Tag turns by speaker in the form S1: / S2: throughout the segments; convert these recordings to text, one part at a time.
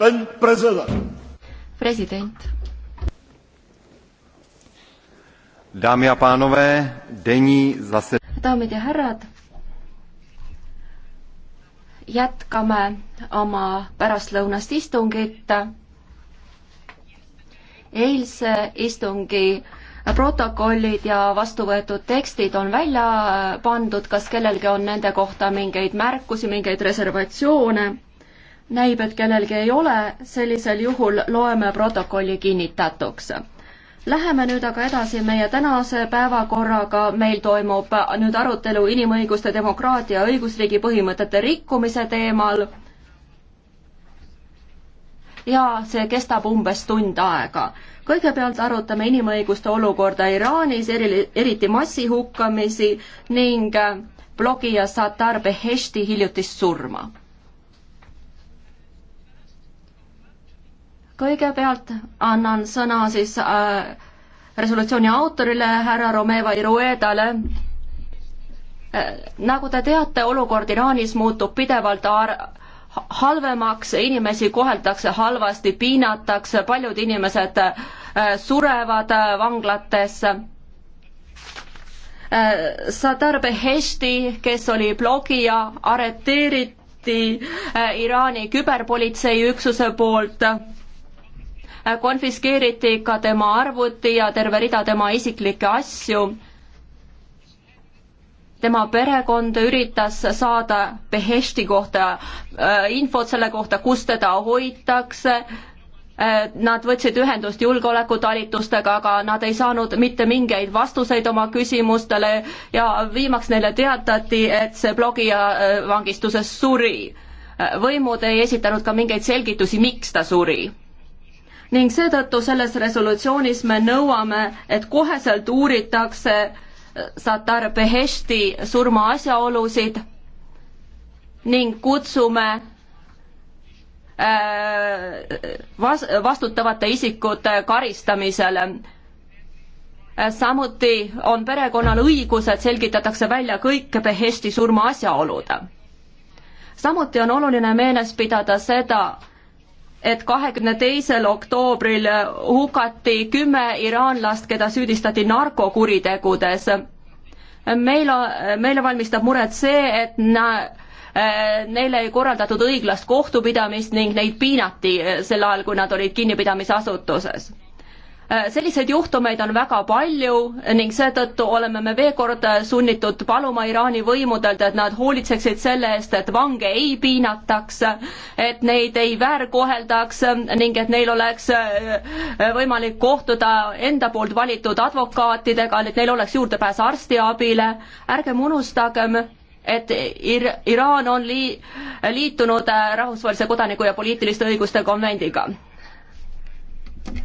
S1: Pan prezident. Prezident. Dámy a pánové, denní zase... Daamid ja härrad, jätkame oma pärastlõunast istungit. eilse istungi protokollid ja vastuvõetud tekstid on välja pandud, kas kellelgi on nende kohta mingeid märkusi, mingeid reservatsioone? näib, et kellelgi ei ole, sellisel juhul loeme protokolli kinnitatuks. Läheme nüüd aga edasi meie tänase päevakorraga, meil toimub nüüd arutelu inimõiguste, demokraatia, õigusriigi põhimõtete rikkumise teemal. ja see kestab umbes tund aega. kõigepealt arutame inimõiguste olukorda Iraanis, eri, eriti massihukkamisi ning blogija Satar Beheshti hiljutist surma kõigepealt annan sõna siis äh, resolutsiooni autorile, härra Romeva Iruedale äh,. nagu te teate, olukord Iraanis muutub pidevalt halvemaks, inimesi koheldakse halvasti, piinatakse, paljud inimesed äh, surevad äh, vanglates äh,. Sadar Beheshti, kes oli blogija, arreteeriti äh, Iraani küberpolitseiüksuse poolt konfiskeeriti ka tema arvuti ja terve rida tema isiklikke asju. tema perekond üritas saada Beheshti kohta äh, infot selle kohta, kus teda hoitakse. Äh, nad võtsid ühendust julgeolekutalitustega, aga nad ei saanud mitte mingeid vastuseid oma küsimustele ja viimaks neile teatati, et see blogija äh, vangistuses suri võimud ei esitanud ka mingeid selgitusi, miks ta suri ning seetõttu selles resolutsioonis me nõuame, et koheselt uuritakse äh, Satar Beheshti surma asjaolusid ning kutsume äh, vas-, vastutavate isikute karistamisele. Äh, samuti on perekonnal õigus, et selgitatakse välja kõik Beheshti surma asjaolud. samuti on oluline meeles pidada seda, et kahekümne teisel oktoobril hukati kümme iraanlast, keda süüdistati narkokuritegudes. meil, meile valmistab muret see, et na, äh, neile ei korraldatud õiglast kohtupidamist ning neid piinati äh, sel ajal, kui nad olid kinnipidamisasutuses Äh, selliseid juhtumeid on väga palju ning seetõttu oleme me veel kord äh, sunnitud paluma Iraani võimudelt, et nad hoolitseksid selle eest, et vange ei piinataks, et neid ei väärkoheldaks ning et neil oleks äh, võimalik kohtuda enda poolt valitud advokaatidega, et neil oleks juurdepääs arstiabile. ärgem unustagem, et Ir-, Iraan on lii-, liitunud rahvusvahelise kodaniku ja poliitiliste õiguste konvendiga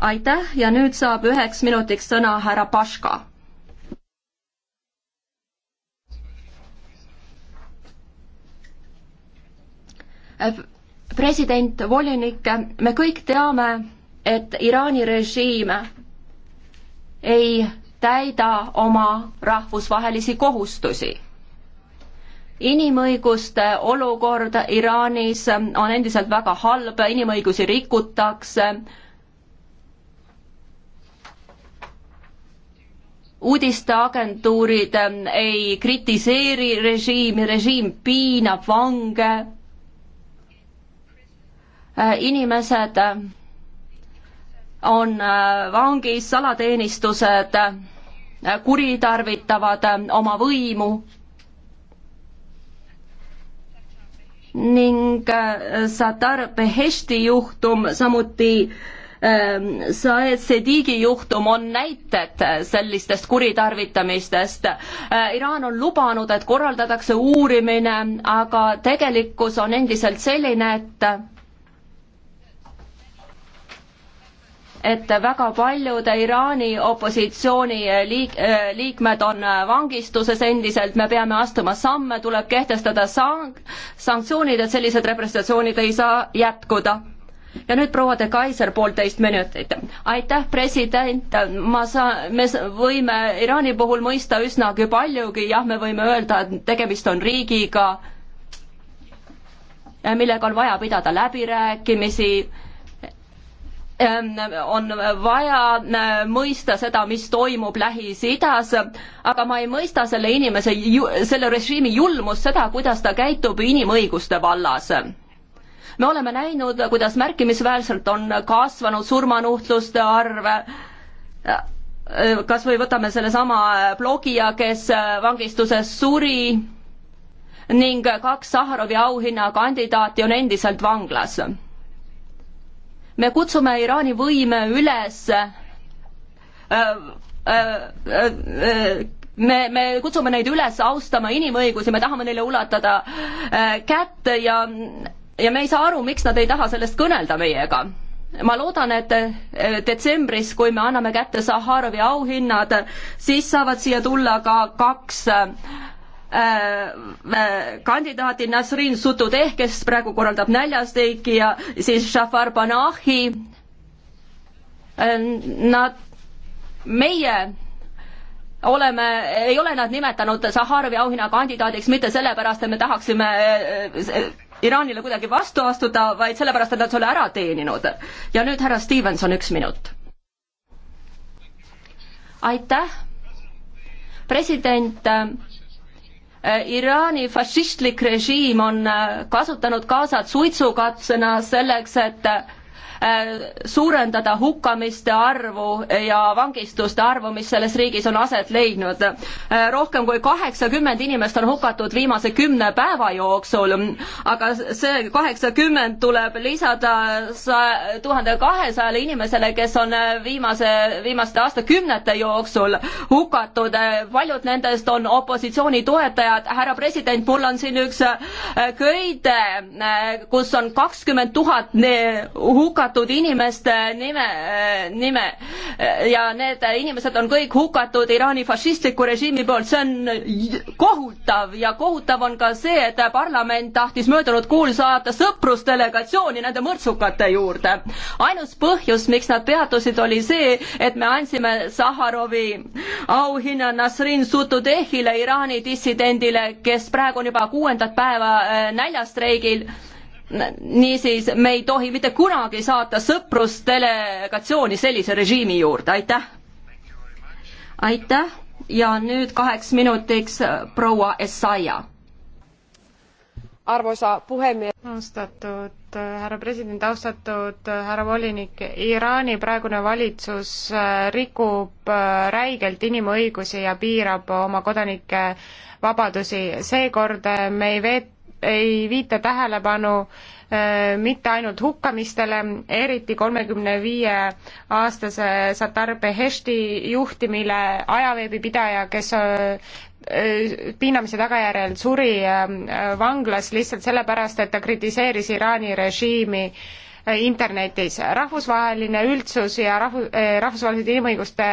S1: aitäh ja nüüd saab üheks minutiks sõna härra Paška. Äh, president, volinik, me kõik teame, et Iraani režiim ei täida oma rahvusvahelisi kohustusi. inimõiguste olukord Iraanis on endiselt väga halb, inimõigusi rikutakse uudisteagentuurid ähm, ei kritiseeri režiimi, režiim piinab vange, äh, inimesed äh, on äh, vangis, salateenistused kuritarvitavad oma võimu ning Sadar Beheshti juhtum, samuti Ähm, Saed Sedigi juhtum on näited sellistest kuritarvitamistest. Äh, Iraan on lubanud, et korraldatakse uurimine, aga tegelikkus on endiselt selline, et et väga paljud Iraani opositsiooni liik-, äh, liikmed on vangistuses endiselt, me peame astuma samme, tuleb kehtestada sank-, sanktsioonid, et sellised repressioonid ei saa jätkuda ja nüüd proua de Kaiser poolteist minutit. aitäh, president, ma saan, me võime Iraani puhul mõista üsnagi paljugi, jah, me võime öelda, et tegemist on riigiga, millega on vaja pidada läbirääkimisi, ehm, on vaja äh, mõista seda, mis toimub Lähis-Idas, aga ma ei mõista selle inimese, selle režiimi julmust, seda, kuidas ta käitub inimõiguste vallas me oleme näinud, kuidas märkimisväärselt on kasvanud surmanuhtluste arv, kas või võtame sellesama blogija, kes vangistuses suri ning kaks Sahharovi auhinna kandidaati on endiselt vanglas. me kutsume Iraani võime üles äh, äh, äh, me, me kutsume neid üles austama inimõigusi, me tahame neile ulatada kätt ja ja me ei saa aru, miks nad ei taha sellest kõnelda meiega ma loodan, et eh, detsembris, kui me anname kätte Sahharovi auhinnad, siis saavad siia tulla ka kaks eh, eh, kandidaati Nasrin Sutudeh, kes praegu korraldab näljasteiki ja siis Shafar Banahi. Nad, meie oleme, ei ole nad nimetanud Sahharovi auhinna kandidaadiks mitte sellepärast, et me tahaksime Iraanile kuidagi vastu astuda, vaid sellepärast, et nad selle ära teeninud. ja nüüd härra Stevenson, üks minut. aitäh. president äh, Iraani fašistlik režiim on äh, kasutanud Gazat suitsukatsena selleks, et äh, Äh, suurendada hukkamiste arvu ja vangistuste arvu, mis selles riigis on aset leidnud. Äh, rohkem kui kaheksakümmend inimest on hukatud viimase kümne päeva jooksul, aga see kaheksakümmend tuleb lisada saja, tuhande kahesajale inimesele, kes on äh, viimase, viimaste aastakümnete jooksul hukatud. paljud nendest on opositsiooni toetajad. härra president, mul on siin üks köide, kus on kakskümmend tuhat hukatud hukatud inimeste nime, äh, nime ja need inimesed on kõik hukatud Iraani fašistliku režiimi poolt, see on kohutav ja kohutav on ka see, et parlament tahtis möödunud kuul saata sõprusdelegatsiooni nende mõrtsukate juurde. ainus põhjus, miks nad peatusid, oli see, et me andsime Saharovi auhinna Nasrin Sutudehile, Iraani dissidendile, kes praegu on juba kuuendat päeva äh, näljastreigil niisiis, me ei tohi mitte kunagi saata sõprusdelegatsiooni sellise režiimi juurde, aitäh! aitäh ja nüüd kaheks minutiks proua Essaia.
S2: arvoisa puhemees. austatud äh, härra president, austatud äh, härra volinik, Iraani praegune valitsus äh, rikub räigelt inimõigusi ja piirab oma kodanike vabadusi. seekord me ei veeta ei viita tähelepanu äh, mitte ainult hukkamistele, eriti kolmekümne viie aastase Satar Beheshti juhtimile, ajaveebipidaja, kes äh, äh, piinamise tagajärjel suri vanglas lihtsalt sellepärast, et ta kritiseeris Iraani režiimi internetis. rahvusvaheline üldsus ja rahvu-, rahvusvahelised inimõiguste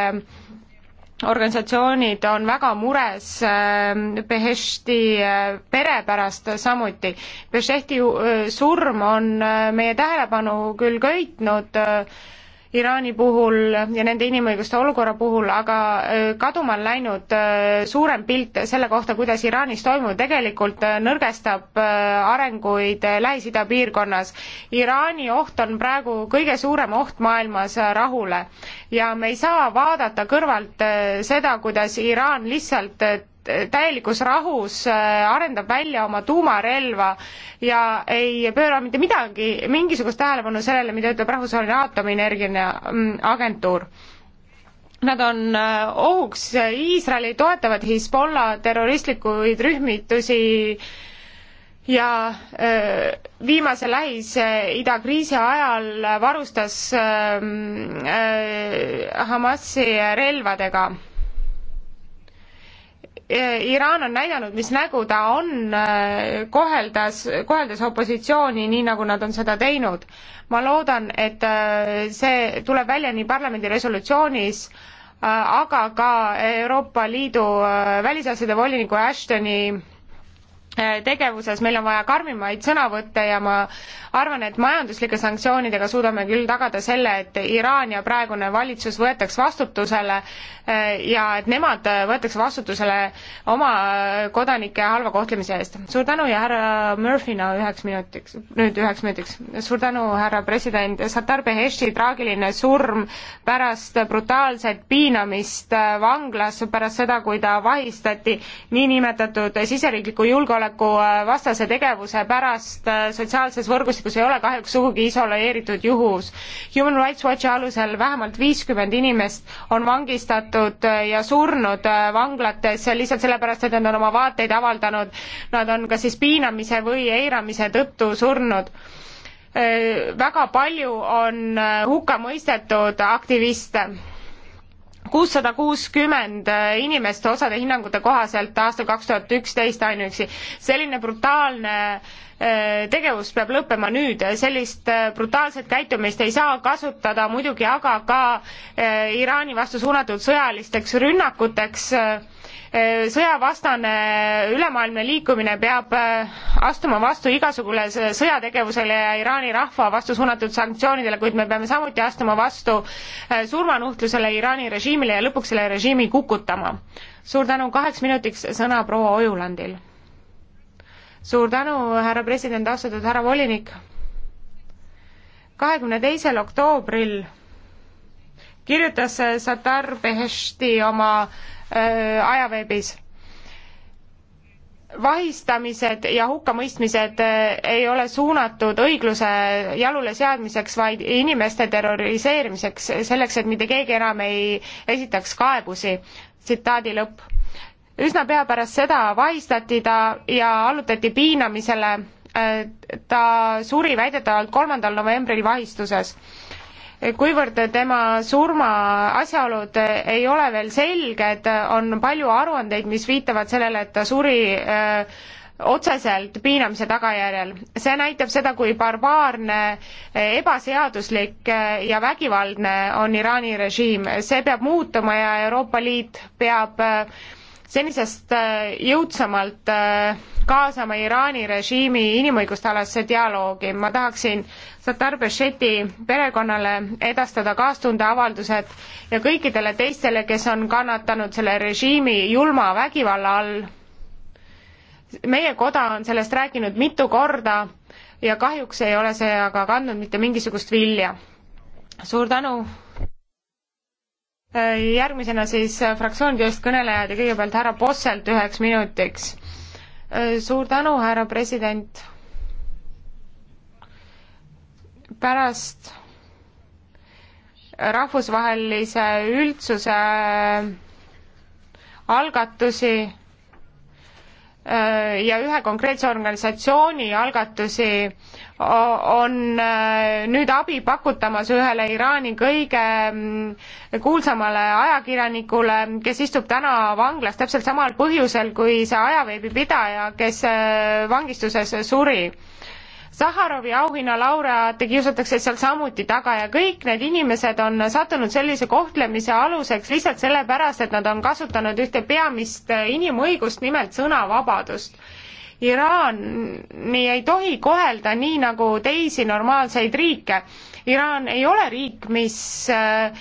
S2: organisatsioonid on väga mures äh, Beheshti äh, pere pärast samuti. Beheshti äh, surm on meie tähelepanu küll köitnud Iraani puhul ja nende inimõiguste olukorra puhul, aga äh, kaduma on läinud äh, suurem pilt selle kohta, kuidas Iraanis toimuv tegelikult äh, nõrgestab arenguid Lähis-Ida piirkonnas. Iraani oht on praegu kõige suurem oht maailmas rahule ja me ei saa vaadata kõrvalt seda, kuidas Iraan lihtsalt täielikus rahus äh, arendab välja oma tuumarelva ja ei pööra mitte midagi, mingisugust tähelepanu sellele, mida ütleb Rahvusvaheline Aatomienergia mm, Agentuur. Nad on äh, ohuks, Iisraeli toetavad Hezbollah terroristlikuid rühmitusi ja äh, viimase Lähis-Ida kriisi ajal varustas Hamasi relvadega Eh, Iraan on näidanud, mis nägu ta on, eh, koheldas, koheldes opositsiooni nii, nagu nad on seda teinud. ma loodan, et eh, see tuleb välja nii parlamendi resolutsioonis, aga ka Euroopa Liidu välisasjade voliniku Ashtoni Äh, tegevuses, meil on vaja karmimaid sõnavõtte ja ma arvan, et majanduslike sanktsioonidega suudame küll tagada selle, et Iraan ja praegune valitsus võetaks vastutusele äh, ja et nemad võetakse vastutusele oma kodanike halva kohtlemise eest. suur tänu ja härra Murphyna üheks minutiks, nüüd üheks minutiks. suur tänu, härra president, Satar Beheshi traagiline surm pärast brutaalset piinamist vanglas, pärast seda, kui ta vahistati niinimetatud siseriikliku julgeoleku julgeolekuvastase äh, tegevuse pärast äh, sotsiaalses võrgustikus ei ole kahjuks sugugi isoleeritud juhus. Human Rights Watchi alusel vähemalt viiskümmend inimest on vangistatud äh, ja surnud vanglates lihtsalt sellepärast, et nad on oma vaateid avaldanud, nad on kas siis piinamise või eiramise tõttu surnud väga palju on hukka mõistetud aktiviste kuussada kuuskümmend inimest osade hinnangute kohaselt aastal kaks tuhat üksteist ainuüksi. selline brutaalne äh, tegevus peab lõppema nüüd, sellist äh, brutaalset käitumist ei saa kasutada muidugi aga ka äh, Iraani vastu suunatud sõjalisteks rünnakuteks Äh, sõjavastane äh, ülemaailmne liikumine peab äh, astuma vastu igasugule sõjategevusele ja Iraani rahva vastu suunatud sanktsioonidele, kuid me peame samuti astuma vastu surmanuhtlusele Iraani režiimile ja lõpuks selle režiimi kukutama. suur tänu, kaheks minutiks sõna proua Ojulandil. suur tänu, härra president, austatud härra volinik. kahekümne teisel oktoobril kirjutas Satar Beheshti oma äh, ajaveebis vahistamised ja hukkamõistmised äh, ei ole suunatud õigluse jalule seadmiseks, vaid inimeste terroriseerimiseks, selleks, et mitte keegi enam ei esitaks kaebusi. tsitaadi lõpp. üsna pea pärast seda vahistati ta ja allutati piinamisele. Äh, ta suri väidetavalt kolmandal novembril vahistuses kuivõrd tema surma asjaolud ei ole veel selged, on palju aruandeid, mis viitavad sellele, et ta suri öö, äh, otseselt piinamise tagajärjel. see näitab seda, kui barbaarne, äh, ebaseaduslik äh, ja vägivaldne on Iraani režiim. see peab muutuma ja Euroopa Liit peab öö, senisest äh, jõudsamalt äh, kaasama Iraani režiimi inimõiguste alasse dialoogi. ma tahaksin Satar Besheti perekonnale edastada kaastundeavaldused ja kõikidele teistele, kes on kannatanud selle režiimi julma vägivalla all. meie koda on sellest rääkinud mitu korda ja kahjuks ei ole see aga kandnud mitte mingisugust vilja. suur tänu järgmisena siis äh, fraktsioonide eest kõnelejad ja kõigepealt härra Posselt üheks minutiks. Äh, suur tänu, härra president. pärast rahvusvahelise üldsuse äh, algatusi ja ühe konkreetse organisatsiooni algatusi on äh, nüüd abi pakutamas ühele Iraani kõige mm, kuulsamale ajakirjanikule, kes istub täna vanglas täpselt samal põhjusel kui see ajaveebi pidaja, kes äh, vangistuses suri. Saharovi auhinna laureaate kiusatakse seal samuti taga ja kõik need inimesed on sattunud sellise kohtlemise aluseks lihtsalt sellepärast, et nad on kasutanud ühte peamist äh, inimõigust, nimelt sõnavabadust Iraani ei tohi kohelda nii nagu teisi normaalseid riike. Iraan ei ole riik, mis äh,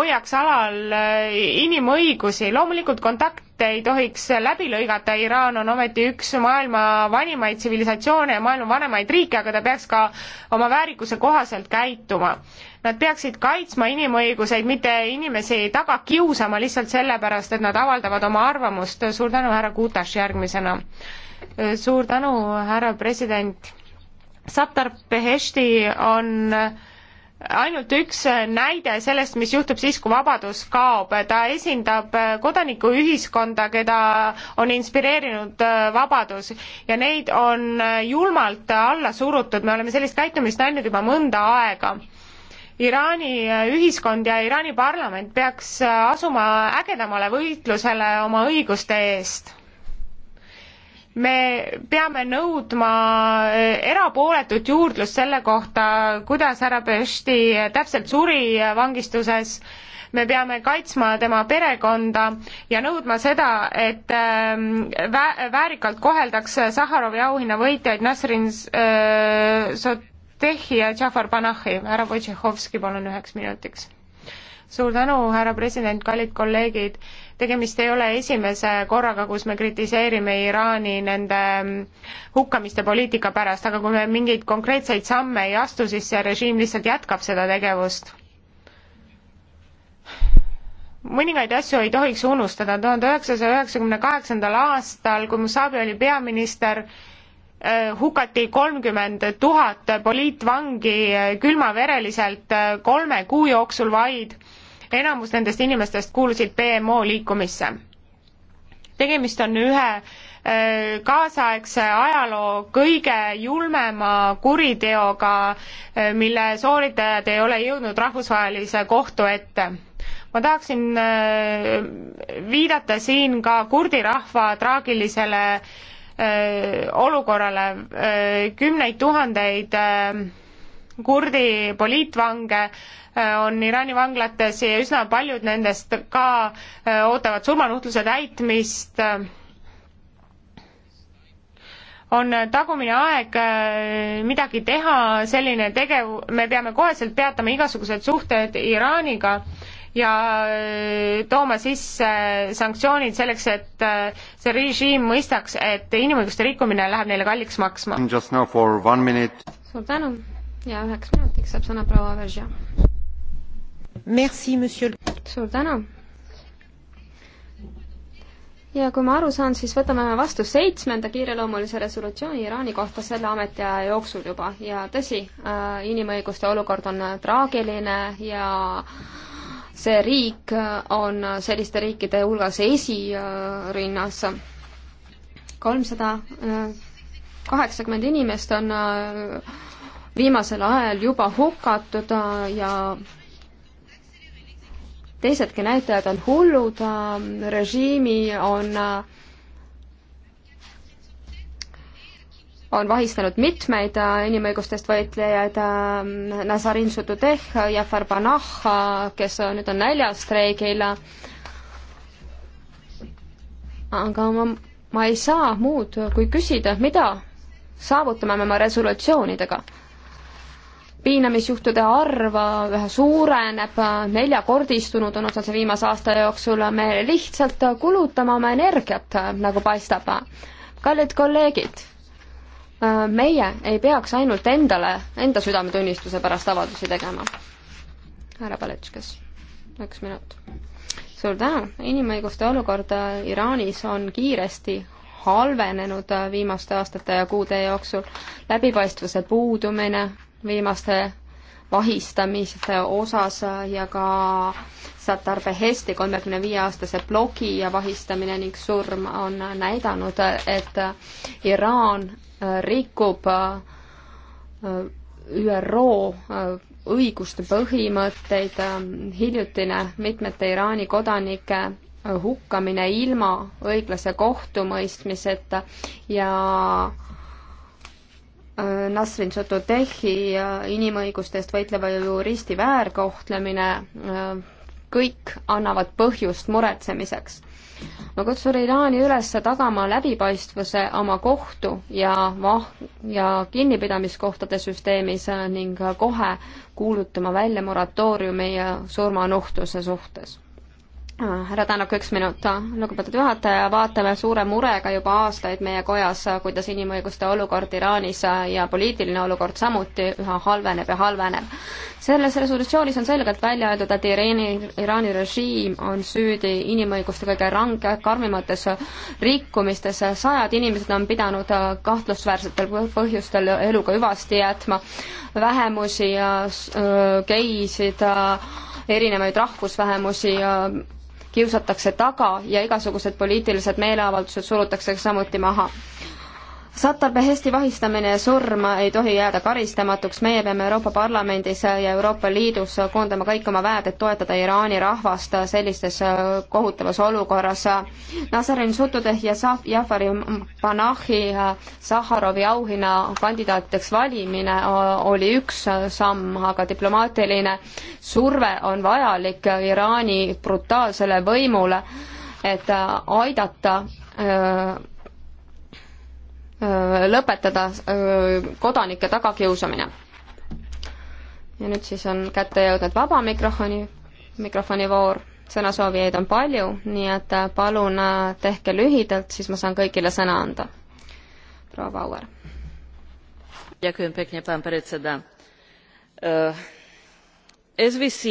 S2: hoiaks alal äh, inimõigusi, loomulikult kontakt ette ei tohiks läbi lõigata, Iraan on ometi üks maailma vanimaid tsivilisatsioone ja maailma vanemaid riike, aga ta peaks ka oma väärikuse kohaselt käituma. Nad peaksid kaitsma inimõiguseid, mitte inimesi taga kiusama lihtsalt sellepärast, et nad avaldavad oma arvamust. suur tänu, härra Kutaš, järgmisena. suur tänu, härra president. Sattar Beheshti on äh, ainult üks näide sellest, mis juhtub siis, kui vabadus kaob. ta esindab kodanikuühiskonda, keda on inspireerinud äh, vabadus ja neid on äh, julmalt alla surutud, me oleme sellist käitumist näinud juba mõnda aega. Iraani äh, ühiskond ja Iraani parlament peaks asuma ägedamale võitlusele oma õiguste eest me peame nõudma eh, erapooletut juurdlust selle kohta, kuidas härra Pešti täpselt suri vangistuses, me peame kaitsma tema perekonda ja nõudma seda, et ehm, vä-, väärikalt koheldaks Sahharovi auhinna võitjaid Nasrin eh, Sotehi ja Džafar Panahi. härra Wojciechowski, palun üheks minutiks suur tänu, härra president, kallid kolleegid. tegemist ei ole esimese korraga, kus me kritiseerime Iraani nende mm, hukkamiste poliitika pärast, aga kui me mingeid konkreetseid samme ei astu, siis see režiim lihtsalt jätkab seda tegevust mõningaid asju ei tohiks unustada, tuhande üheksasaja üheksakümne kaheksandal aastal, kui Musabe oli peaminister, Äh, hukati kolmkümmend tuhat poliitvangi äh, külmavereliselt äh, kolme kuu jooksul vaid. enamus nendest inimestest kuulusid BMO liikumisse. tegemist on ühe kaasaegse ajaloo kõige julmema kuriteoga, mille sooritajad ei ole jõudnud rahvusvahelise kohtu ette ma tahaksin viidata siin ka kurdi rahva traagilisele Äh, olukorrale, äh, kümneid tuhandeid äh, kurdi poliitvange on Iraani vanglates ja üsna paljud nendest ka ootavad surmanuhtluse täitmist. on tagumine aeg midagi teha, selline tegev-, me peame koheselt peatama igasugused suhted Iraaniga ja äh, tooma sisse sanktsioonid selleks, et äh, see režiim mõistaks, et inimõiguste rikkumine läheb neile kalliks maksma. suur tänu ja üheks minutiks saab sõna proua
S3: Veržia. suur tänu ja kui ma aru saan, siis võtame vastu seitsmenda kiireloomulise resolutsiooni Iraani kohta selle ametiaja jooksul juba ja tõsi, äh, inimõiguste olukord on traagiline ja äh, see riik on selliste riikide hulgas esirinnas. kolmsada kaheksakümmend inimest on viimasel ajal juba hukatud ja teisedki näitajad on hullud, režiimi on on vahistanud mitmeid äh, inimõigustest võitlejaid, ähm, Nazarin Sutudeh, Jafar Banah, äh, kes äh, nüüd on näljastreigil. aga ma, ma ei saa muud kui küsida, mida saavutame me oma resolutsioonidega. piinamisjuhtude arv üha suureneb, neljakordistunud on otsese viimase aasta jooksul, me lihtsalt kulutame oma energiat, nagu paistab. kallid kolleegid Äh, meie ei peaks ainult endale, enda südametunnistuse pärast avaldusi tegema. härra Paletškas, üks minut. suur tänu, inimõiguste olukord äh, Iraanis on kiiresti halvenenud äh, viimaste aastate ja kuude jooksul, läbipaistvuse puudumine viimaste vahistamiste osas ja ka Satar Behesti kolmekümne viie aastase blogija vahistamine ning surm on näidanud, et Iraan rikub äh, ÜRO äh, õiguste põhimõtteid, äh, hiljutine mitmete Iraani kodanike hukkamine ilma õiglase kohtumõistmiseta ja Nasrin Sototehi inimõiguste eest võitleva juristi väärkohtlemine, kõik annavad põhjust muretsemiseks ma kutsun Iraani üles tagama läbipaistvuse oma kohtu ja vah- ja kinnipidamiskohtade süsteemis ning kohe kuulutama välja moratooriumi surmanuhtluse suhtes. Ah, härra Tänak, üks minut. Ah, lugupeetud juhataja, vaatame suure murega juba aastaid meie kojas, ah, kuidas inimõiguste olukord Iraanis ja poliitiline olukord samuti üha halveneb ja halveneb. selles resolutsioonis on selgelt välja öeldud, et Iraani, Iraani režiim on süüdi inimõiguste kõige range, karmimates rikkumistes. sajad inimesed on pidanud kahtlusväärsetel põhjustel eluga hüvasti jätma, vähemusi ja geisid, erinevaid rahvusvähemusi ja kiusatakse taga ja igasugused poliitilised meeleavaldused surutakse samuti maha Sattar Behesti vahistamine ja surm ei tohi jääda karistamatuks, meie peame Euroopa Parlamendis ja Euroopa Liidus koondama kõik oma väed, et toetada Iraani rahvast sellistes äh, kohutavas olukorras. Nazarin Sutudeh ja Saf-, Jafari Panahi äh, Sahharovi auhinna kandidaatideks valimine äh, oli üks samm, aga diplomaatiline surve on vajalik Iraani brutaalsele võimule, et aidata öö, lõpetada kodanike tagakiusamine. ja nüüd siis on kätte jõudnud vaba mikrofoni, mikrofoni voor, sõnasoovijaid on palju, nii et äh, palun äh, tehke lühidalt, siis ma saan kõigile sõna anda. proua Bauer. SVC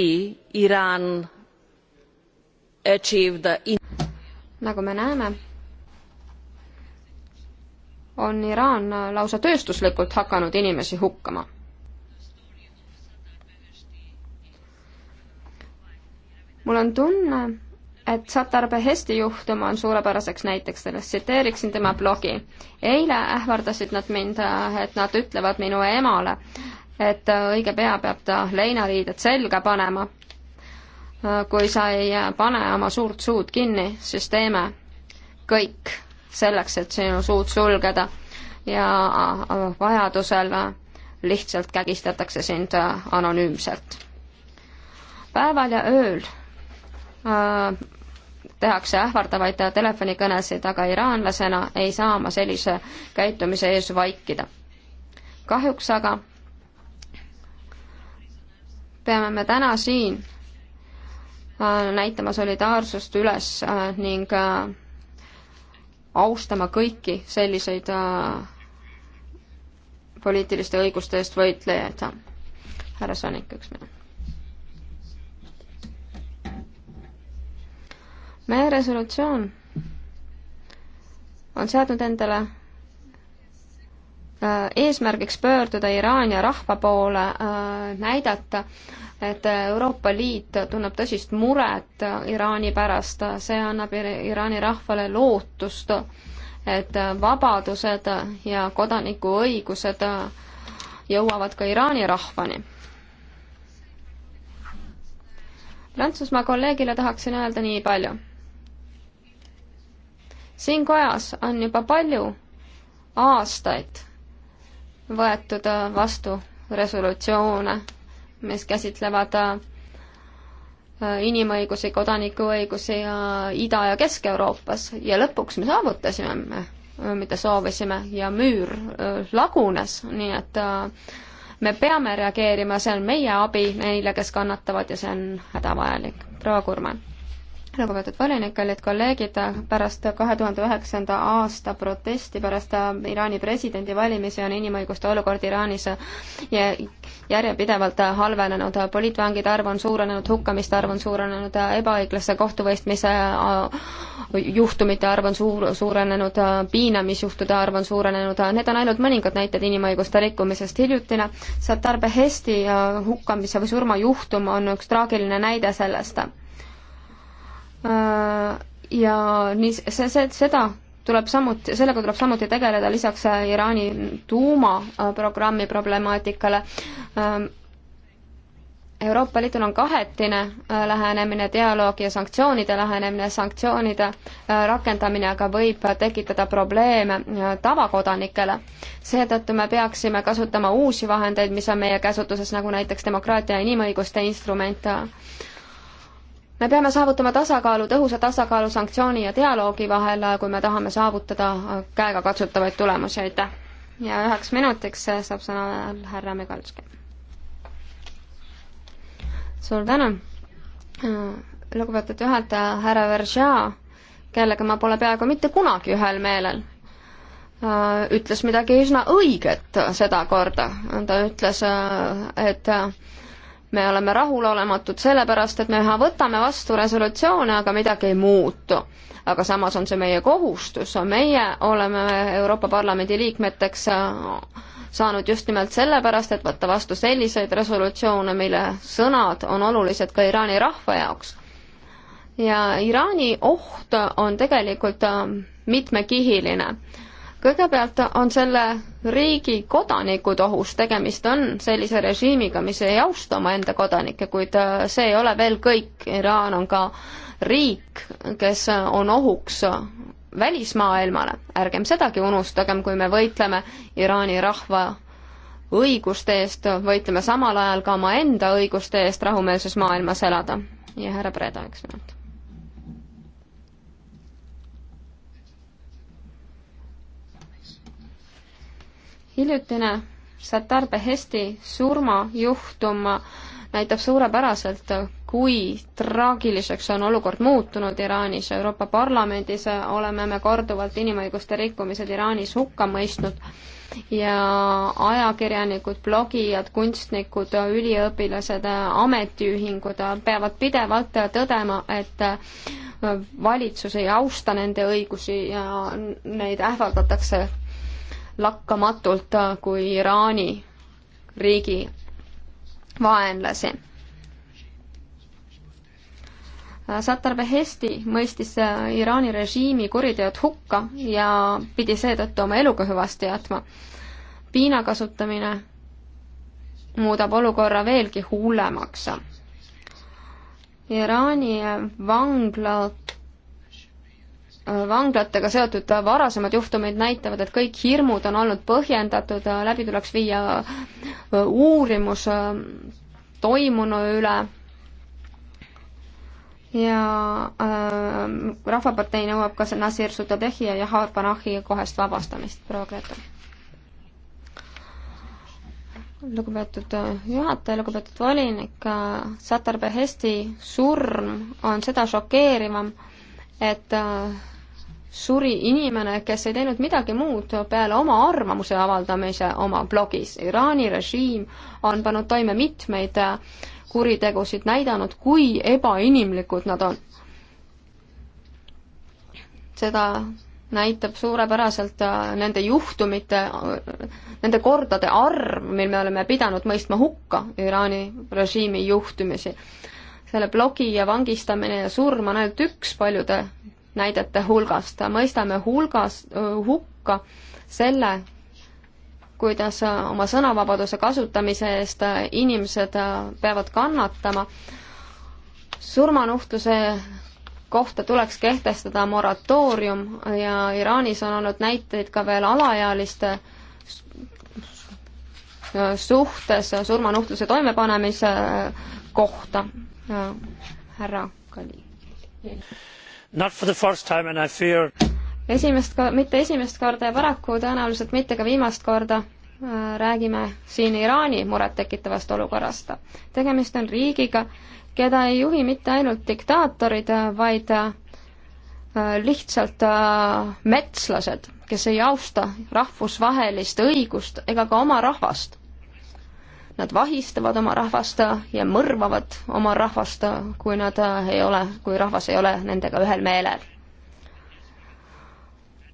S3: Iraan achieved the nagu me näeme, on Iraan lausa tööstuslikult hakanud inimesi hukkama. mul on tunne, et Satar Behesti juhtum on suurepäraseks näiteks sellest, tsiteeriksin tema blogi. eile ähvardasid nad mind, et nad ütlevad minu emale, et õige pea peab ta leinariided selga panema. kui sa ei pane oma suurt suud kinni, siis teeme kõik selleks, et sinu suud sulgeda ja äh, vajadusel äh, lihtsalt kägistatakse sind äh, anonüümselt. päeval ja ööl äh, tehakse ähvardavaid telefonikõnesid, aga iraanlasena ei saa ma sellise käitumise ees vaikida. kahjuks aga peame me täna siin äh, näitama solidaarsust üles äh, ning äh, austama kõiki selliseid äh, poliitiliste õiguste eest võitlejaid. härra Sonik, üks minut. meie resolutsioon on seadnud endale Äh, eesmärgiks pöörduda Iraania rahva poole, äh, näidata, et Euroopa Liit tunneb tõsist muret Iraani pärast, see annab Iraani rahvale lootust, et vabadused ja kodanikuõigused jõuavad ka Iraani rahvani. Prantsusmaa kolleegile tahaksin öelda nii palju. siin kojas on juba palju aastaid võetud äh, vastu resolutsioone, mis käsitlevad äh, äh, inimõigusi, kodanikuõigusi ja Ida- ja Kesk-Euroopas ja lõpuks me saavutasime, mida soovisime ja müür lagunes, nii et me peame reageerima, see on meie abi neile, kes kannatavad ja see on hädavajalik. proua Kurman lugupeetud volinik, kallid kolleegid, pärast kahe tuhande üheksanda aasta protesti pärast äh, Iraani presidendivalimisi on inimõiguste olukord Iraanis äh, järjepidevalt äh, halvenenud. poliitvangide arv on suurenenud, hukkamiste arv on suurenenud, ebaõiglase kohtuvõistmise juhtumite arv on suur, suurenenud, piinamisjuhtude arv on suurenenud, need on ainult mõningad näited inimõiguste rikkumisest. hiljutine Satar Behesti hukkamise või surmajuhtum on üks traagiline näide sellest Äh, ja nii see, see, seda tuleb samuti, sellega tuleb samuti tegeleda lisaks äh, Iraani tuumaprogrammi problemaatikale. Äh, Euroopa Liidul on kahetine lähenemine, dialoog ja sanktsioonide lähenemine, sanktsioonide rakendamine aga võib tekitada probleeme tavakodanikele. seetõttu me peaksime kasutama uusi vahendeid, mis on meie käsutuses, nagu näiteks demokraatia ja inimõiguste instrument me peame saavutama tasakaalu, tõhusa tasakaalu sanktsiooni ja dialoogi vahel, kui me tahame saavutada käegakatsutavaid tulemusi, aitäh! ja üheks minutiks saab sõna härra Migalski. suur tänu! lugupeetud juhataja, härra Veržea, kellega ma pole peaaegu mitte kunagi ühel meelel, ütles midagi üsna õiget sedakorda. ta ütles, et me oleme rahulolematud sellepärast, et me võtame vastu resolutsioone, aga midagi ei muutu. aga samas on see meie kohustus, meie oleme Euroopa Parlamendi liikmeteks saanud just nimelt sellepärast, et võtta vastu selliseid resolutsioone, mille sõnad on olulised ka Iraani rahva jaoks. ja Iraani oht on tegelikult mitmekihiline kõigepealt on selle riigi kodanikud ohus, tegemist on sellise režiimiga, mis ei austa omaenda kodanikke, kuid äh, see ei ole veel kõik, Iraan on ka riik, kes on ohuks välismaailmale, ärgem sedagi unustagem, kui me võitleme Iraani rahva õiguste eest, võitleme samal ajal ka omaenda õiguste eest rahumeelses maailmas elada. ja härra Preda, üks minut hiljutine Satar Behesti surmajuhtum näitab suurepäraselt, kui traagiliseks on olukord muutunud Iraanis. Euroopa Parlamendis oleme me korduvalt inimõiguste rikkumised Iraanis hukka mõistnud ja ajakirjanikud, blogijad, kunstnikud, üliõpilased, ametiühingud peavad pidevalt tõdema, et valitsus ei austa nende õigusi ja neid ähvardatakse lakkamatult äh, kui Iraani riigi vaenlasi. Äh, Satar Behesti mõistis äh, Iraani režiimi kuriteod hukka ja pidi seetõttu oma eluga hüvasti jätma. piina kasutamine muudab olukorra veelgi hullemaks. Iraani vanglad vanglatega seotud varasemad juhtumid näitavad, et kõik hirmud on olnud põhjendatud, läbi tuleks viia uurimus toimunu üle ja äh, Rahvapartei nõuab ka Nasir Sutadehi ja Jahar Panahi kohest vabastamist, proua Grete. lugupeetud juhataja, lugupeetud volinik, Satar Behesti surm on seda šokeerivam, et äh, suri inimene, kes ei teinud midagi muud peale oma arvamuse avaldamise oma blogis. Iraani režiim on pannud toime mitmeid äh, kuritegusid, näidanud, kui ebainimlikud nad on. seda näitab suurepäraselt äh, nende juhtumite, äh, nende kordade arv, mil me oleme pidanud mõistma hukka Iraani režiimi juhtumisi. selle blogija vangistamine ja surm on ainult üks paljude näidete hulgast. mõistame hulgas, hukka selle, kuidas oma sõnavabaduse kasutamise eest inimesed peavad kannatama. surmanuhtluse kohta tuleks kehtestada moratoorium ja Iraanis on olnud näiteid ka veel alaealiste suhtes surmanuhtluse toimepanemise kohta. härra Kalli not for the first time and I fear esimest, mitte esimest korda ja paraku tõenäoliselt mitte ka viimast korda äh, räägime siin Iraani murettekitavast olukorrast. tegemist on riigiga, keda ei juhi mitte ainult diktaatorid, äh, vaid äh, lihtsalt metslased, kes ei austa rahvusvahelist õigust ega ka oma rahvast. Nad vahistavad oma rahvast ja mõrvavad oma rahvast, kui nad ei ole, kui rahvas ei ole nendega ühel meelel.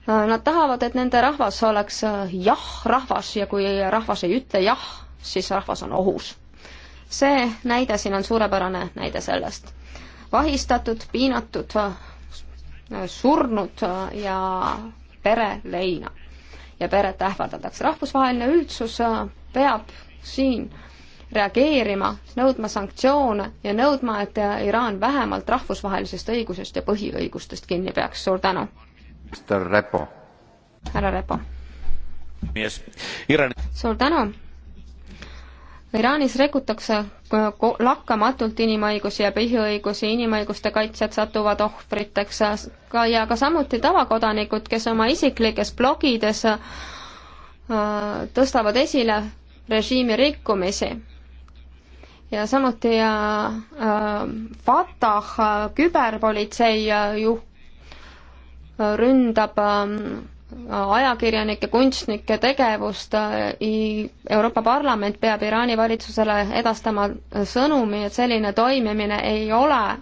S3: Nad tahavad, et nende rahvas oleks jah-rahvas ja kui rahvas ei ütle jah, siis rahvas on ohus. see näide siin on suurepärane näide sellest. vahistatud, piinatud, surnud ja pere leina ja peret ähvardatakse. rahvusvaheline üldsus peab siin reageerima, nõudma sanktsioone ja nõudma, et Iraan vähemalt rahvusvahelisest õigusest ja põhiõigustest kinni peaks. suur tänu.
S2: härra
S3: Repo. suur tänu. Iraanis rikutakse lakkamatult inimõigusi ja põhiõigusi, inimõiguste kaitsjad satuvad ohvriteks ka ja ka samuti tavakodanikud, kes oma isiklikes blogides äh, tõstavad esile režiimi rikkumisi. ja samuti äh, Fatah, äh, küberpolitsei äh, ju äh, ründab ähm, äh, ajakirjanike, kunstnike tegevust. Euroopa Parlament peab Iraani valitsusele edastama sõnumi, et selline toimimine ei ole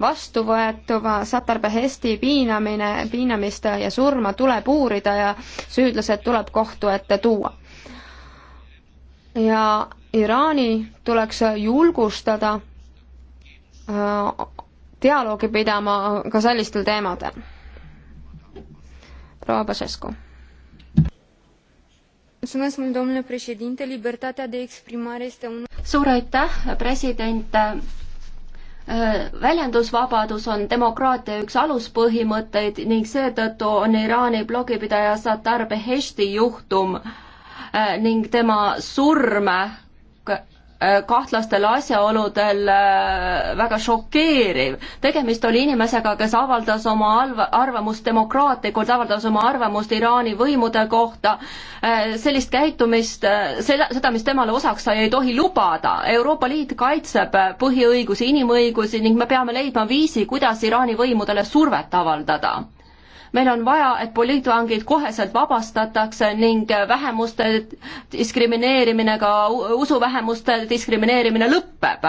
S3: vastuvõetav Satar Behesti piinamine, piinamist ja surma tuleb uurida ja süüdlased tuleb kohtu ette tuua ja Iraani tuleks julgustada äh, dialoogi pidama ka sellistel teemadel. proua Pasescu. suur aitäh, president
S1: äh, väljendusvabadus on demokraatia üks aluspõhimõtteid ning seetõttu on Iraani blogipidaja Satar Beheshti juhtum äh, Äh, ning tema surm äh, kahtlastel asjaoludel äh, väga šokeeriv. tegemist oli inimesega, kes avaldas oma alv-, arvamust demokraatlikult, avaldas oma arvamust Iraani võimude kohta, sellist käitumist, seda, seda, mis temale osaks sai, ei tohi lubada. Euroopa Liit kaitseb põhiõigusi, inimõigusi ning me peame leidma viisi, kuidas Iraani võimudele survet avaldada meil on vaja, et poliitvangid koheselt vabastatakse ning vähemuste diskrimineerimine, ka usuvähemuste diskrimineerimine lõpeb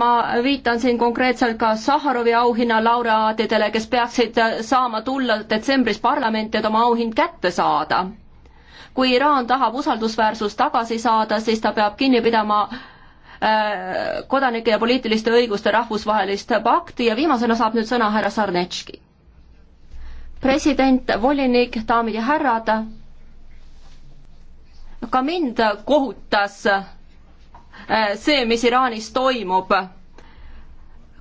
S1: ma viitan siin konkreetselt ka Saharovi auhinna laureaatidele, kes peaksid saama tulla detsembris parlamenti, et oma auhind kätte saada. kui Iraan tahab usaldusväärsust tagasi saada, siis ta peab kinni pidama äh, kodanike ja poliitiliste õiguste rahvusvahelist pakti ja viimasena saab nüüd sõna härra Sarnetški president, volinik, daamid ja härrad. ka mind kohutas äh, see, mis Iraanis toimub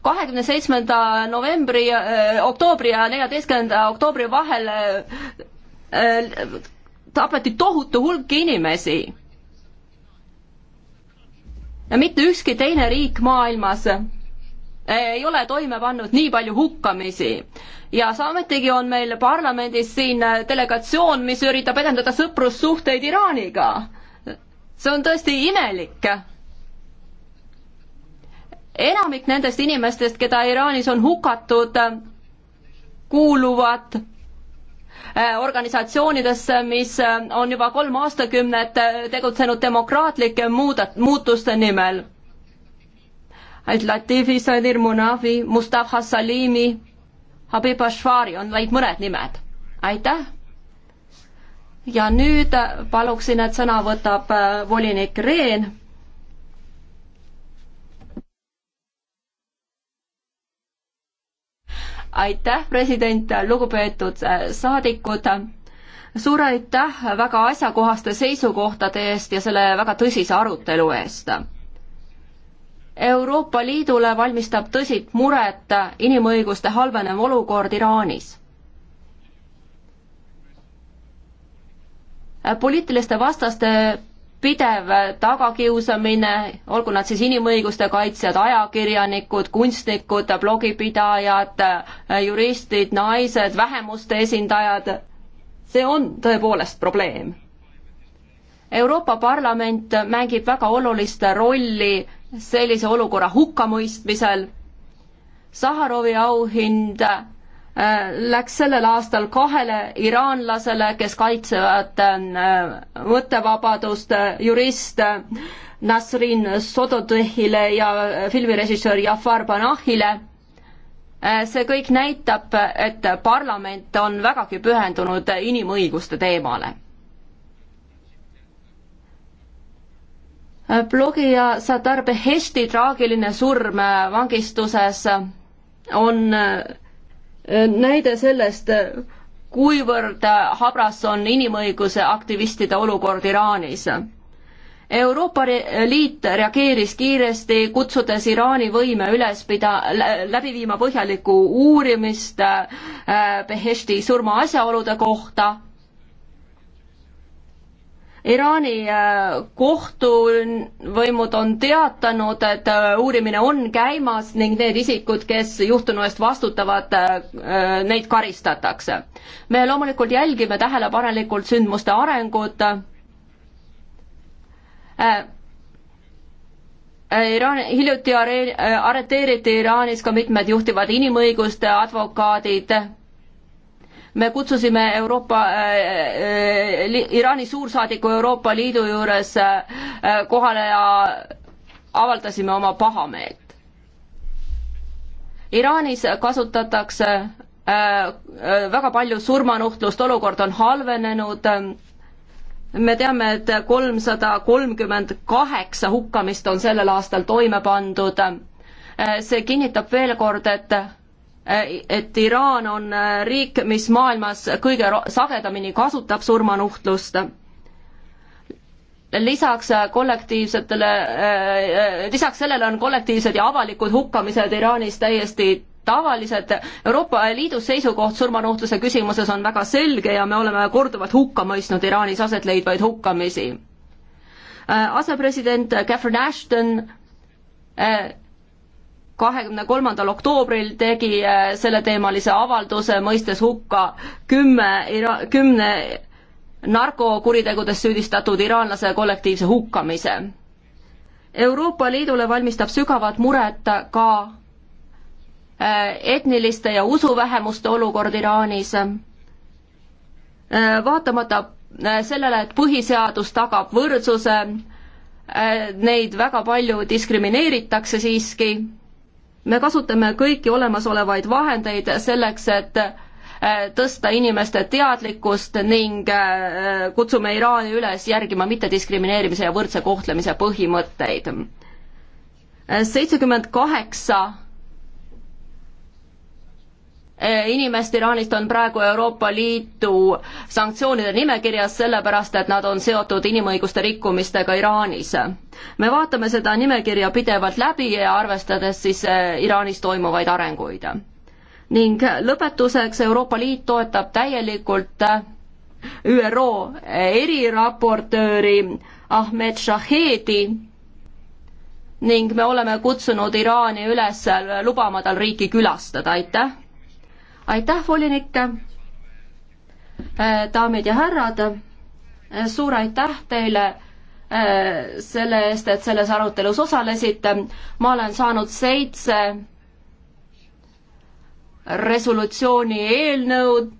S1: kahekümne seitsmenda novembri, äh, oktoobri ja neljateistkümnenda oktoobri vahel äh, tapeti tohutu hulk inimesi. ja mitte ükski teine riik maailmas Äh, ei ole toime pannud nii palju hukkamisi. ja sametigi on meil parlamendis siin äh, delegatsioon, mis üritab edendada sõprussuhteid Iraaniga. see on tõesti imelik. enamik nendest inimestest, keda Iraanis on hukatud, kuuluvad äh, organisatsioonidesse, mis on juba kolm aastakümnet tegutsenud demokraatlike muudat-, muutuste nimel Ait Latifi, Sadir Munafi, Mustafa Salimi, Habib Ashfari on vaid mõned nimed. aitäh! ja nüüd paluksin, et sõna võtab äh, volinik Rehn aitäh, president, lugupeetud äh, saadikud, suur aitäh väga asjakohaste seisukohtade eest ja selle väga tõsise arutelu eest. Euroopa Liidule valmistab tõsit muret inimõiguste halvenev olukord Iraanis. poliitiliste vastaste pidev tagakiusamine, olgu nad siis inimõiguste kaitsjad, ajakirjanikud, kunstnikud, blogipidajad, juristid, naised, vähemuste esindajad, see on tõepoolest probleem Euroopa Parlament mängib väga olulist rolli sellise olukorra hukkamõistmisel. Saharovi auhind äh, läks sellel aastal kahele iraanlasele, kes kaitsevad äh, mõttevabadust, äh, jurist Nasrin Sododõhile ja filmirežissöör Jafar Banahile. see kõik näitab, et parlament on vägagi pühendunud inimõiguste teemale Äh, blogija Sadar Beheshti traagiline surm äh, vangistuses äh, on näide sellest, kuivõrd habras on inimõiguse aktivistide olukord Iraanis. Euroopa Liit reageeris kiiresti, kutsudes Iraani võime üles pida, läbi viima põhjalikku uurimist Beheshti surma asjaolude kohta Iraani äh, kohtuvõimud on teatanud, et äh, uurimine on käimas ning need isikud, kes juhtunu eest vastutavad, äh, neid karistatakse. me loomulikult jälgime tähelepanelikult sündmuste arengut. Iraan, hiljuti arreteeriti Iraanis ka mitmed juhtivad inimõiguste advokaadid me kutsusime Euroopa äh,, äh Iraani suursaadiku Euroopa Liidu juures äh, kohale ja avaldasime oma pahameelt. Iraanis kasutatakse äh, äh, väga palju surmanuhtlust, olukord on halvenenud me teame, et kolmsada kolmkümmend kaheksa hukkamist on sellel aastal toime pandud. Äh, see kinnitab veel kord, et Äh, et Iraan on äh, riik, mis maailmas kõige sagedamini kasutab surmanuhtlust. lisaks äh, kollektiivsetele, lisaks sellele on kollektiivsed ja avalikud hukkamised Iraanis täiesti tavalised. Euroopa Liidu seisukoht surmanuhtluse küsimuses on väga selge ja me oleme korduvalt hukka mõistnud Iraanis aset leidvaid hukkamisi. asepresident Catherine Ashton kahekümne kolmandal oktoobril tegi äh, selleteemalise avalduse, mõistes hukka kümme, kümne narkokuritegudes süüdistatud iraanlase kollektiivse hukkamise. Euroopa Liidule valmistab sügavat muret ka äh, etniliste ja usuvähemuste olukord Iraanis. Äh, vaatamata sellele, et põhiseadus tagab võrdsuse, neid väga palju diskrimineeritakse siiski me kasutame kõiki olemasolevaid vahendeid selleks, et äh, tõsta inimeste teadlikkust ning äh, kutsume Iraani üles järgima mittediskrimineerimise ja võrdse kohtlemise põhimõtteid. Äh, seitsekümmend kaheksa Eh, inimest Iraanist on praegu Euroopa Liidu sanktsioonide nimekirjas, sellepärast et nad on seotud inimõiguste rikkumistega Iraanis. me vaatame seda nimekirja pidevalt läbi ja arvestades siis eh, Iraanis toimuvaid arenguid. ning lõpetuseks, Euroopa Liit toetab täielikult eh, ÜRO eriraportööri Ahmed Shahedi ning me oleme kutsunud Iraani üles lubama tal riiki külastada, aitäh! aitäh, volinik. Äh, daamid ja härrad, äh, suur aitäh teile äh, selle eest, et selles arutelus osalesite. ma olen saanud seitse resolutsiooni eelnõud